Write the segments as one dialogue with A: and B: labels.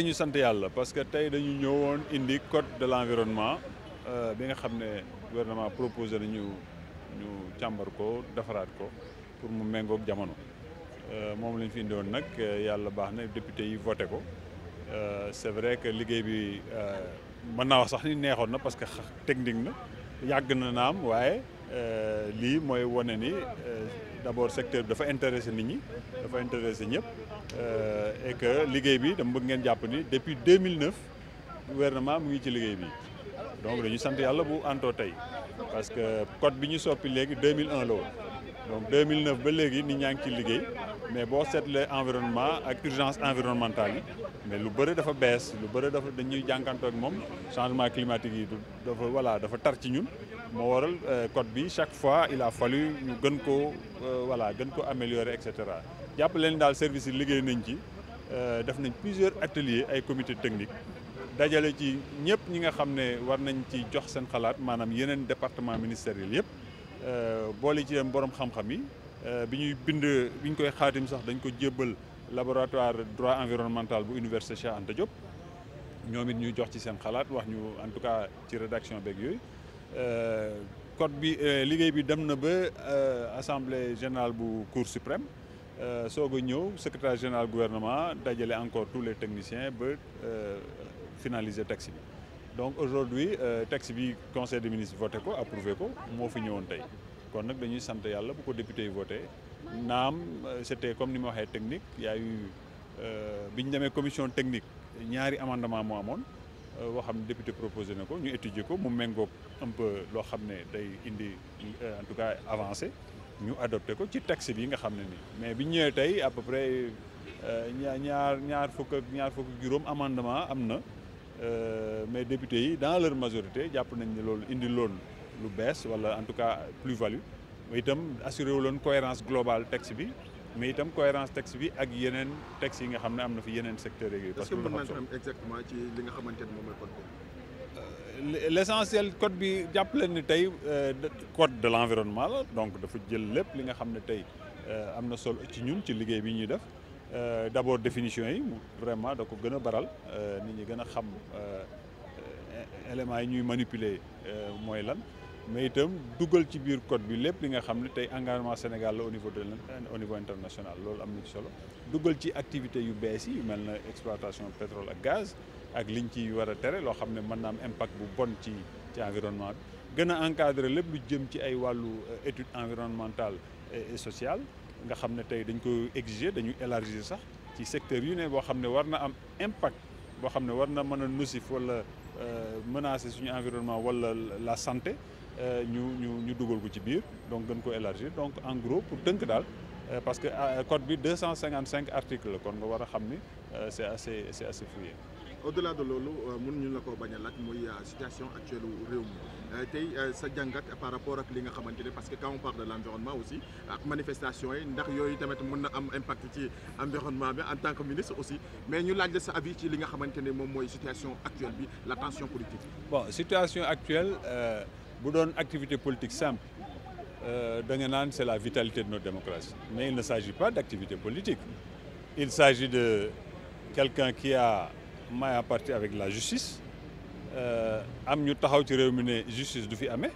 A: dañu sant yàlla parce que tey dañu ñëwoon indi code de l'environnement euh, bi nga xam ne gouvernement proposé nañu ñu càmbar ko defaraat ko pour mu méngoog jamono euh, moom lañ fi indiwoon nag yàlla baax na député yi voté ko euh, c'est vrai que liggéey bi mën naa wax sax ni neexoon na parce que technique na yàgg na naam waaye Euh, lii mooy wane ni euh, d'abord secteur bi dafa intéressé nit ñi dafa intéressé ñëpp euh, et que liggéey bi dama bëgg ngeen jàpp ni depuis 2009 gouvernement mu ngi ci liggéey bi donc dañu sant yàlla bu antoo tey parce que code bi ñu soppi léegi 2001 la woon donc 2009 ba léegi nit ñaa ngi ci liggéey mais boo seetlee environnement ak urgence environnementale yi mais lu bëri dafa bees lu bëri dafa dañuy jànkantoo ak moom changement climatique yi dafa voilà dafa tar ci ñun moo waral euh, code bi chaque fois il a fallu ñu gën ko euh, voilà gën ko améliorer et cetera jàpp leen daal service yi liggéey nañ ci euh, def nañ plusieurs ateliers ay comité technique dajale ci ñëpp ñi nga xam ne war nañ ci jox seen xalaat maanaam yeneen département ministériel yëpp boole ci dem borom xam-xam yi bi ñuy bind bi ñu koy xaatim sax dañ ko jébbal laboratoire droit environnemental bu université Cheikh Anta Diop ñoom it ñuy jox ci seen xalaat wax ñu en tout cas ci rédaction beeg yooyu. Euh, code bi euh, liggéey bi dem na ba euh, assemblée générale bu cour suprême soog a ñëw secrétaire général gouvernement dajale encore tous les techniciens ba finaliser texte bi donc aujourd'hui texte bi conseil des ministres voté ko approuvé ko moo fi ñëwoon tey kon nag dañuy sant yàlla bu ko député yi voté naam c'était comme ni ma waxee technique y a eu ñu demee commission technique ñaari amendement moo amoon Euh, woo xam ne député proposé na ko ñu étudier ko mu méngoog un peu loo xam ne day indi euh, en tout cas avancé ñu adopté ko ci texte bi nga xam ne ni mais bi ñëwee tey à peu près euh, ñaar ñaar fukk ñaar fukk juróom amendement am na mais député yi dans leur majorité jàpp nañ ne loolu indi loon lu bees wala en tout cas plus value itam assuré wu loon cohérence globale texte bi mais itam cohérence texte bi ak yeneen texte yi nga xam ne am na fi yeneen secteurs yi. parce que mën naa am exactement ci li nga xamante ni moom mooy code bi. Euh, le essentiel code bi jàpp leen ni tey euh, code de l' environnement donc dafa jël lépp li nga xam ne tey euh, am na solo ci ñun ci liggéey bi ñuy def d' abord définition yi vraiment da ko gën a baral nit ñi gën a xam éléments yi ñuy manipuler mooy lan. mais itam dugal ci biir code bi lépp li nga xam ne tey engagement Sénégal la au niveau de au niveau international loolu am na ci solo dugal ci activité yu bees yi yu mel na exploitation pétrole ak gaz ak li liñ ci war a tere loo xam ne mën na am impact bu bon ci ci environnement bi gën a encadrer lépp lu jëm ci ay wàllu euh, étude environnementale et sociale nga xam ne tey dañ ko exiger dañu élargir sax ci secteur yu ne boo xam ne war na am impact boo xam ne war na mën a nocif wala Euh, menacer suñu environnement wala la santé euh, ñu ñu ñu dugal ko ci biir donc gën ko élargir donc en gros pour tënk daal euh, parce que code bi 255 articles la kon nga war a xam ni c'est assez c'est assez fouillé au-delà de loolu euh, mun ñu la ko bañ a laaj muy euh, situation actuelle réew mi euh, tey sa jàngat par rapport ak li nga xamante ne parce que quand on parle de l'environnement aussi ak manifestation yi ndax yooyu tamit mën na am impact ci environnement bi en tant que ministre aussi mais ñu laaj la sa avis ci li nga xamante ne moom mooy situation actuelle bi la tension politique. bon situation actuelle bu euh, doon activité politique simple da nga naan c'est la vitalité de notre démocratie mais il ne s'agit pas d'activité de quelqu'un qui maille partie partir avec la justice euh, am ñu taxaw ci réew mi ne justice du fi amee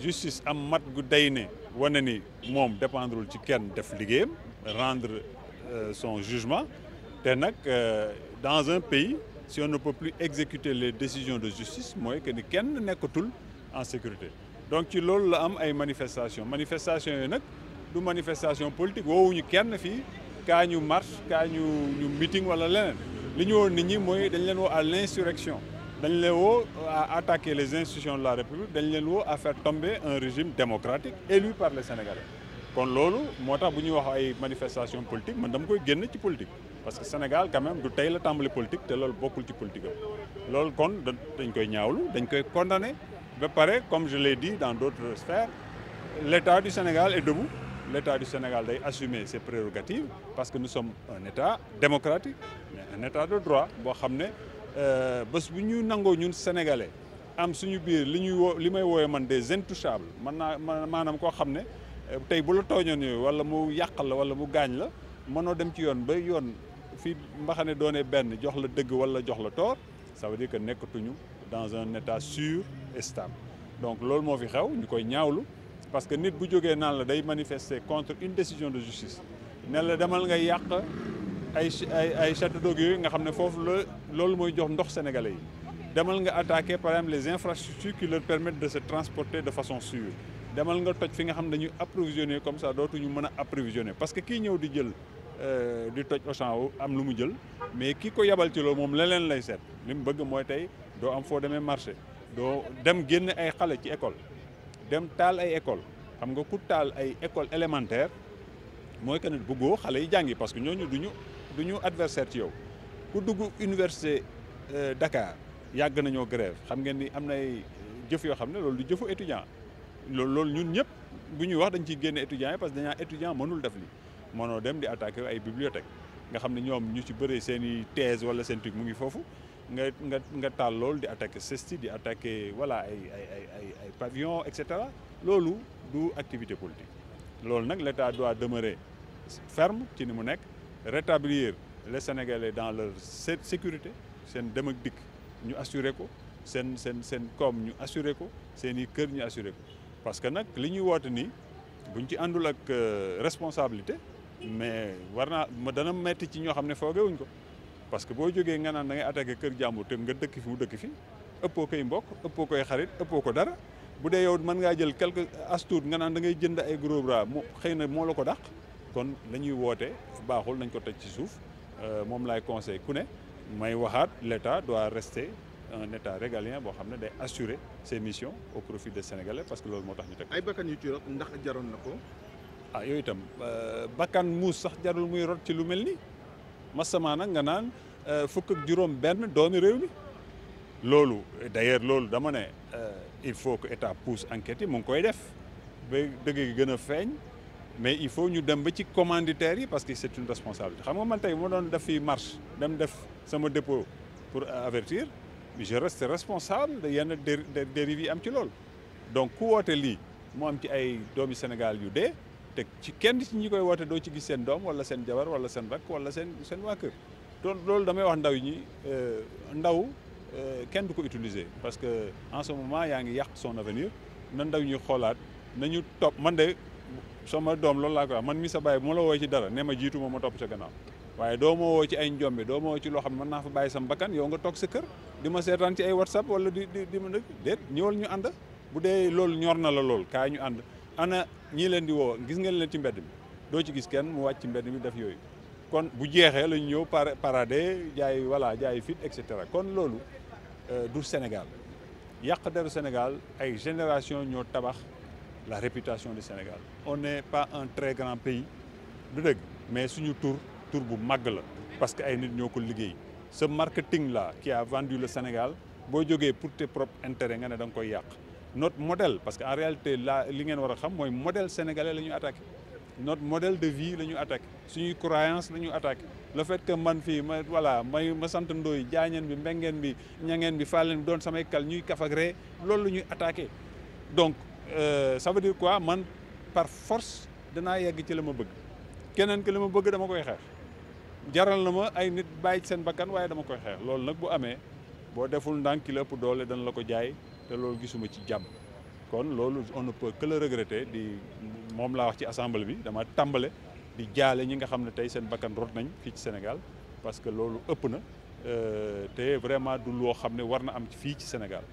A: justice am mat gu day ne wane ni moom dépendrul ci kenn def liggéeyam rendre euh, son jugement te nag euh, dans un pays si on ne peut plus exécuter les décisions de justice mooy que ni kenn nekkatul en sécurité donc ci loolu la am ay manifestation manifestation yooyu nag du manifestation politique woowuñu kenn fii kaa ñu marche kaa ñu meeting wala leneen li ñu woo nit ñi mooy dañ leen woo à l'insurrection dañ leen woo à attaquer les institutions de la République dañ leen woo à faire tomber un régime démocratique élu par les Sénégalais kon loolu moo tax bu ñuy wax ay manifestation politique man dama koy génne ci politique parce que Sénégal quand même du tey la tàmbali politique te loolu bokkul ci politique am loolu kon dañ koy ñaawlu dañ koy condamner ba pare comme je l'ai dit dans d'autres sphères l'État du Sénégal est debout l'État du Sénégal day assumer ses prérogatives parce que nous sommes un État démocratique, mais un État de droit. Nous euh, bu ñu nangoo ñun Sénégalais, am suñu biir li ñuy woo li may woowee man des intouchables man naa maanaam koo xam ne euh, tey bu la tooñoon yooyu wala mu yàqal la wala mu gaañ la mënoo dem ci yoon ba yoon fii mbaxane doone benn jox la dëgg wala jox la tort ça veut dire que nekkatuñu dans un état sûr et stable donc loolu moo fi xew ñu koy ñaawlu parce que nit bu jógee naan la day manifester contre une décision de justice ne la demal nga yàq ay ay ay château d'eau yooyu nga xam ne foofu la loolu mooy jox ndox sénégalais yi demal nga attaquer par exemple les infrastructures qui leur permettent de se transporter de façon sûre demal nga toj fi nga xam ne dañuy approvisionner comme ça dootuñu mën a approvisionner parce que kii ñëw di jël euh, di toj Auchan am lu mu jël mais kii ko yabal ci loolu moom leneen lay set li mu bëgg mooy tey doo am foo demee marché doo dem génn ay xale ci école dem taal ay école xam nga ku taal ay école élémentaire mooy que ne bëggoo xale yi jàngi parce que ñooñu du ñu du ñu adversaire ci yow ku dugg université euh, Dakar yàgg nañoo grève xam ngeen ni am na ay jëf yoo xam ne loolu du jëfu étudiant loolu loolu ñun ñëpp bu ñuy wax dañ ciy génne étudiants yi parce que dañaa étudiant mënul def li mënoo dem di attaqué ay bibliothèque nga xam ne ñoom ñu ci bëree seen i thèse wala seen truc mu ngi foofu nga nga nga taal loolu di attaquer sesti di attaquer voilà ay ay ay ay ay pavillon et loolu du activité politique loolu nag l'État doit demeurer ferme ci ni mu nekk rétablir le Sénégalais dans leur sécurité seen dem ak dikk ñu assurer ko seen seen seen koom ñu assurer ko seen i kër ñu assurer ko parce que nag li ñuy woote nii buñ ci àndul ak euh, responsabilité mais war naa dana metti ci ñoo xam ne foogewuñ ko parce que boo jógee nga naan da ngay attaqué kër jàmbur te nga dëkk fi mu dëkk fi ëppoo koy mbokk ëppoo koy xarit ëppoo ko dara bu dee yow mën ngaa jël quelque astuce nga naan da ngay jënd ay gros bras mu xëy na moo la ko dàq kon la ñuy woote baaxul nañ ko teg ci suuf euh, moom laay conseil ku ne may waxaat l' état doit rester un état régalien boo xam ne day assurer ses missions au profit de sénégalais parce que loolu moo tax ñu teg ay bakkan yu ci rot ndax jaroon na ko. ah yooyu itam euh, bakkan muus sax jarul muy rot ci lu mel nii. masamaa nag nga naan euh, fukk ak juróom benn doomi réew mi loolu d'ailleurs loolu dama ne euh, il faut que état pousse enquête yi mu ngi koy def ba dëgg gi gën a feeñ mais il faut ñu dem ba ci commanditaires yi parce que c'est une responsabilité xam nga man tey moo doon def marche dem def sama dépôt pour avertir je responsable de yenn dérive yi am ci loolu donc ku woote lii mu am ci ay doomi Sénégal yu dee teg ci kenn ci ñi koy woote doo ci gis seen doom wala seen jabar wala seen rakk wala seen seen waa kër loolu damay wax ndaw ñi euh, ndaw euh, kenn du ko utiliser parce que en ce yaa ngi yàq son avenir na ndaw ñi xoolaat nañu topp man de sama doom loolu laa koy wax man mi sa bàyyi bu ma la woo ci dara nee ma jiitu ma topp sa gannaaw waaye doo ma woo ci ay njombe doo ma woo ci loo xam ne naa fa bàyyi sam mbakkan yow nga toog sa kër di ma seetaan ci ay whatsapp wala di di di ma déet ñëwal ñu ànd bu dee loolu ñor na la lool kaay ñu ànd ana ñii leen di woo gis ngeen leen ci mbedd mi doo ci gis kenn mu wàcc mbedd mi def yooyu kon bu jeexee la ñëw ñëw parade jaay voilà jaay fit et cetera kon loolu euh, du Sénégal yàq deru Sénégal ay génération ñoo tabax la réputation du Sénégal on n'est pas un très grand pays du dëgg mais suñu tour tour bu màgg la parce que ay nit ñoo ko liggéey ce marketing là qui a vendu le Sénégal boo jógee pour tes propres intérêts nga ne da nga koy yàq notre modèle parce que en réalité la li ngeen war a xam mooy modèle sénégalais la ñu attaqué notre modèle de vie la ñu attaqué suñuy croyance la ñu attaqué le fait man fii ma voilà may ma sant ndooy jaañeen bi mbengeen bi ñangeen bi faaleen bi doon samay kal ñuy kaf ak ree loolu la ñuy attaqué donc euh, ça veut dire quoi man par force danaa yegg ci la ma bëgg keneen ki la ma bëgg dama koy xeex jaral na ma ay nit bàyyi seen bakkan waaye dama koy xeex loolu nag bu amee boo deful ndànk ki la ëpp la ko jaay te loolu gisuma ci jàmm kon loolu on ne peut que regretter di moom laa wax ci assemblée bi dama tàmbale di jaale ñi nga xam ne tey seen bakkan rot nañ fii ci Sénégal parce que loolu ëpp na euh, te vraiment du loo xam ne war na am fii ci Sénégal.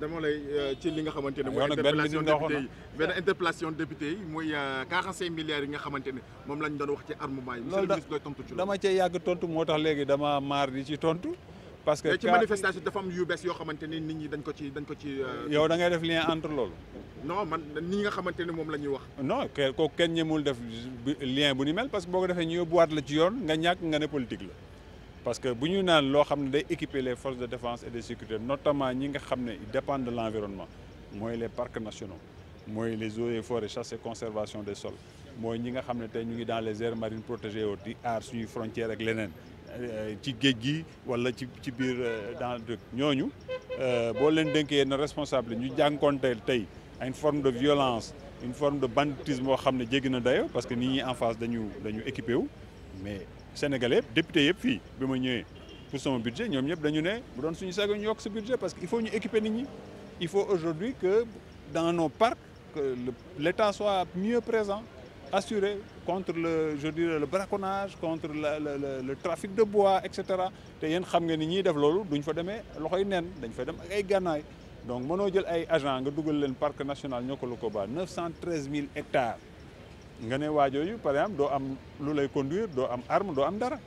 A: dama lay euh, ci li nga xamante ne. Ah, mooy interpellation député yi benn interpellation député yi mooy euh, yi nga xamante ne moom lañ doon wax ci armement yi. monsieur le ministre doy tontu ci loolu dama cee yàgg tontu moo tax léegi dama maar di ci tontu. parce que ci manifestation dafa am yu bees yoo xamante ni nit ñi dañ ko ci ko ci. Euh, yow da ngay def lien entre loolu. non man ni nga xamante ne moom la ñuy wax. non ke kooku kenn ñemul def lien bu ni mel parce que boo ko defee ñu yóbbuwaat la ci yoon nga ñàkk nga ne politique la. parce que bu ñu naan loo xam ne day équiper les forces de défense et de sécurité notamment ñi nga xam ne dépendent de l' environnement mooy les parcs nationaux mooy les eaux et chasse conservation des sols mooy ñi nga xam ne ñu ngi dans les aires marines protégées di aar suñuy frontières Euh, ci géej gi wala ci ci biir euh, dans le ñooñu euh, boo leen denkee na responsable ñu jànkonteel tey une forme de violence une forme de banditisme boo xam ne jéggi na dayo parce que nit ñi en face dañu dañu équipé wu mais sénégalais yëpp député yëpp fii bi ma ñëwee pour sama budget ñoom ñëpp dañu ne bu doon suñu sago ñu yokk sa budget parce que il faut ñu équiper nit ñi il faut aujourd'hui que dans nos parcs que l'État soit mieux présent assuré contre le je dirais le braconnage contre la le, le, de bois et cetera te yéen xam nga ni ñiy def loolu duñ fa demee loxoy nen dañ fay dem ak ay gànnaay donc mënoo jël ay agent nga dugal leen parc national Niokolo-Koba 913000 hectares nga ne waajooyu par exemple doo am lu lay conduire doo am arme doo am dara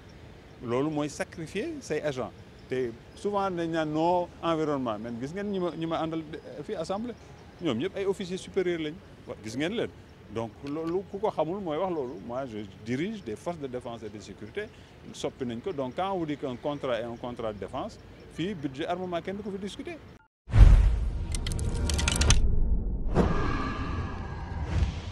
A: loolu mooy sacrifier say agent te souvent ne ñaan non environnement man gis ngeen ñi ma ñi ma àndal fii assemblée ñoom ñëpp ay officiers supérieurs lañ gis ngeen leen donc loolu ku ko xamul mooy wax loolu moi je dirige des forces de défense et de sécurité soppi nañ ko donc quand on dit qu'un contrat est un contrat de défense fii budget armement kenn du fi discuter